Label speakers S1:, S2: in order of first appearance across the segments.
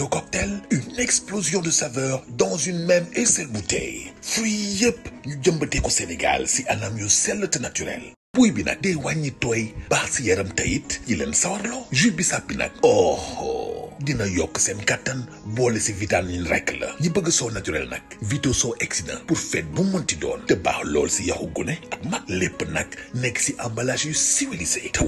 S1: Un Cocktail, une explosion de saveurs dans une même et seule bouteille Fuyep, yep, yëpp ñu Sénégal si anam yu sel celle naturel Puis bi nag day wàññi tooy baax si yaram tayit yi leen sawarloo jus bi sa pinak. oh. oh dina yok sen katan bolé vitan vitamine rek la ñi bëgg so naturel vito so excellent pour fête bu mënti doon te baax lool si yaxu gune ak mag lépp nak. si emballage civilisé te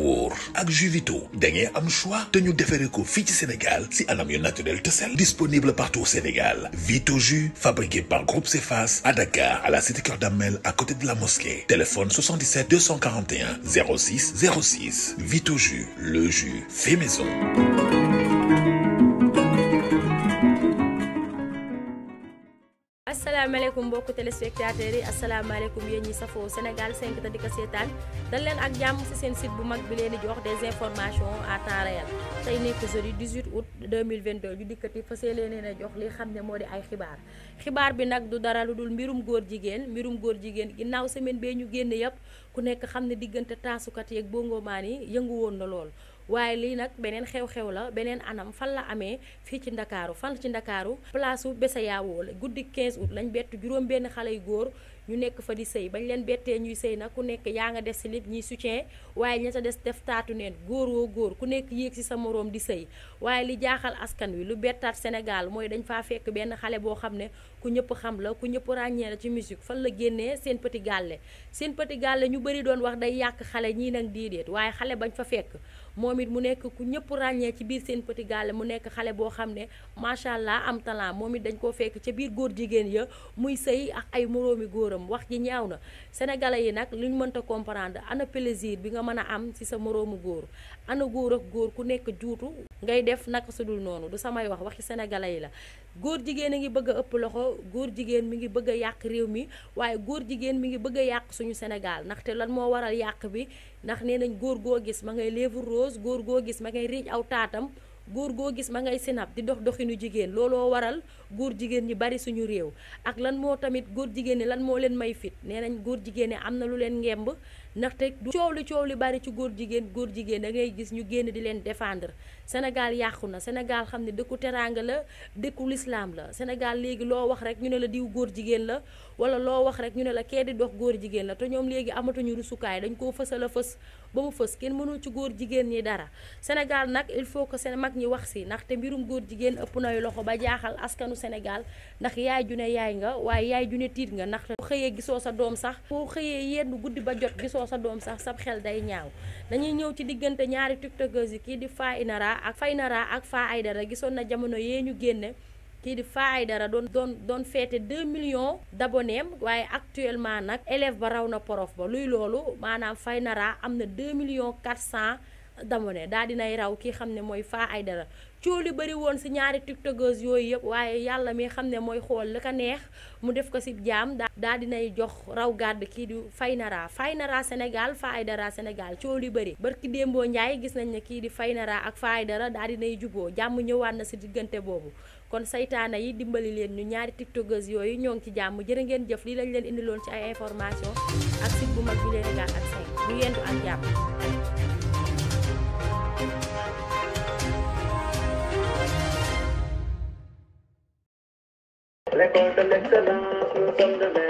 S1: jus vito da am choix te ñu defere ko fi Sénégal si anam yu naturel te sel disponible partout au Sénégal vito jus fabriqué par Groupe Cefas à Dakar à la cité cœur Damel à côté de la mosquée téléphone 77 241 06 06 vito jus le jus fait maison
S2: asalaamaaleykum mbokku téléspectateurs yi asalaamaaleykum yéen ñi safoo Sénégal 5 te di ko seetaan dal leen ak jàmm ci seen site bu mag bi leen di jox des informations à temps réel tey nekk jeudi 18 août 2022 ñu dikkati fas yéene na jox li xam ne moo di ay xibaar xibaar bi nag du dara lu dul mbirum góor jigéen mbirum góor jigéen ginnaaw semaine bee ñu génn yëpp ku nekk xam ne diggante taasukat yeeg bongomaan yi yëngu woon na lool. waaye lii nag beneen xew-xew la beneen anam fan la amee fii ci ndakaaru fan ci ndakaaru place u Bessa la guddi quinze août lañ bett juróom benn xale yu góor ñu nekk fa di sëy bañ leen bettee ñuy sëy nag ku nekk yaa nga des si nit ñiy soutien waaye ña ca des def taatu neen góor woo góor ku nekk yéeg si sa moroom di sëy waaye li jaaxal askan wi lu bettaat Sénégal mooy dañ faa fekk benn xale boo xam ne ku ñëpp xam la ku ñëpp ràññee la ci musique fan la génnee seen petit gàlle seen petit gàlle ñu bëri doon wax day yàq xale ñii na diideet waaye xale bañ fa fekk moom it mu nekk ku ñëpp ràññee ci biir seen petit gàlle mu nekk xale boo xam ne macha allah am talent moom it dañ koo fekk ca biir góor jigéen ya muy sëy ak ay moroomi góoram wax ji ñaaw na sénégalais yi nag li ñu mënta comprendre ana plaisir bi nga mën a am ci sa moroomu góor ana góor ak góor ku nekk juutu ngay def naka su dul noonu du samay wax waxi sénégalais yi la góor jigéen a ngi bëgg a ëpp loxo góor jigéen mi ngi bëgg a yàq réew mi waaye góor jigéen mi ngi bëgg a yàq suñu Sénégal ndaxte lan moo waral yàq bi ndax nee nañ góor goo gis ma ngay lèvre rose góor goo gis ma ngay riij aw taatam góor goo gis ma ngay sinap di dox doxinu jigéen looloo waral góor jigéen ñi bari suñu réew ak lan moo tamit góor jigéen ñi lan moo leen may fit nee nañ góor jigéen ñi am na lu leen ngemb ndax coow du coow li bari ci góor jigéen góor jigéen da ngay gis ñu génn di leen défendre Sénégal yàqu na Sénégal xam ne dëkku teraanga la dëkku lislaam la Sénégal léegi loo wax rek ñu ne la diw góor jigéen la wala loo wax rek ñu ne la kee di dox góor jigéen la te ñoom léegi amatuñu rusukaay dañ koo fësal a fës ba mu fës kenn mënul ci góor jigéen ñi dara Sénégal nag il faut que seen mag ñi wax si mbirum góor jigéen ëpp nay loxo ba jaaxal askanu Sénégal ndax yaay ju ne yaay nga waaye yaay ju ne tiit nga ndax xëyee gisoo sa doom sax boo xëyee yenn guddi jot gisoo gisoo sa doom sax sab xel day ñaaw dañuy ñëw ci diggante ñaari tiktokers kii di Faa Inara ak Faa Inara ak Faa Aydara gisoon na jamono yee ñu génne kii di Faa Aydara doon doon doon feete 2 millions d'abonnés waaye actuellement nag élève ba raw na prof ba luy loolu maanaam Faa Inara am na 2 millions 400 damone daa dinay raw kii xam ne mooy Faa Aydara cooli bëri woon si ñaari tiktokers yooyu yëpp waaye yàlla mi xam ne mooy xool li ko neex mu def ko si jaam daa dinay jox raw gàdd kii du di Faynara Faynara Sénégal Faa Aydara Sénégal cooli bëri barki démboo Njaay gis nañ ne kii di Faynara ak Faa Aydara daa dinay juboo jàmm ñëwaat na si diggante boobu kon saytaana yi dimbali leen ñu ñaari tiktokers yooyu ñoo ngi ci jàmm jërë ngeen jëf lii lañ leen indiloon ci ay information
S1: about the little love from the man.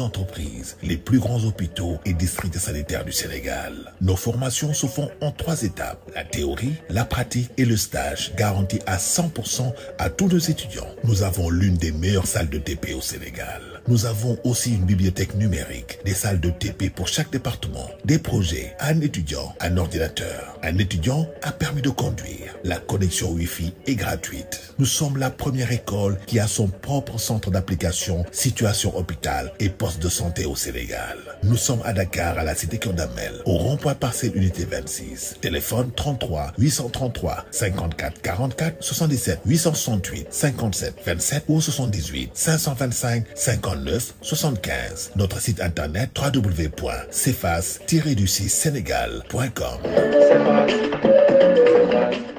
S1: entreprises, les plus grands hôpitaux et districts sanitaires du Sénégal. Nos formations se font en trois étapes, la théorie, la pratique et le stage, garantis à 100% à tous les étudiants. Nous avons l'une des meilleures salles de TP au Sénégal. Nous avons aussi une bibliothèque numérique, des salles de TP pour chaque département, des projets, un étudiant, un ordinateur, un étudiant, a permis de conduire. La connexion Wi-Fi est gratuite. Nous sommes la première école qui a son propre centre d'application, situation hôpital et Poste de santé au Sénégal. Nous sommes à Dakar, à la cité Condamel, au rond-point parcelle unité 26. Téléphone 33 833 54 44 77 868 57 27 ou 78 525 59 75. Notre site internet www.cefas-du-6sénégal.com.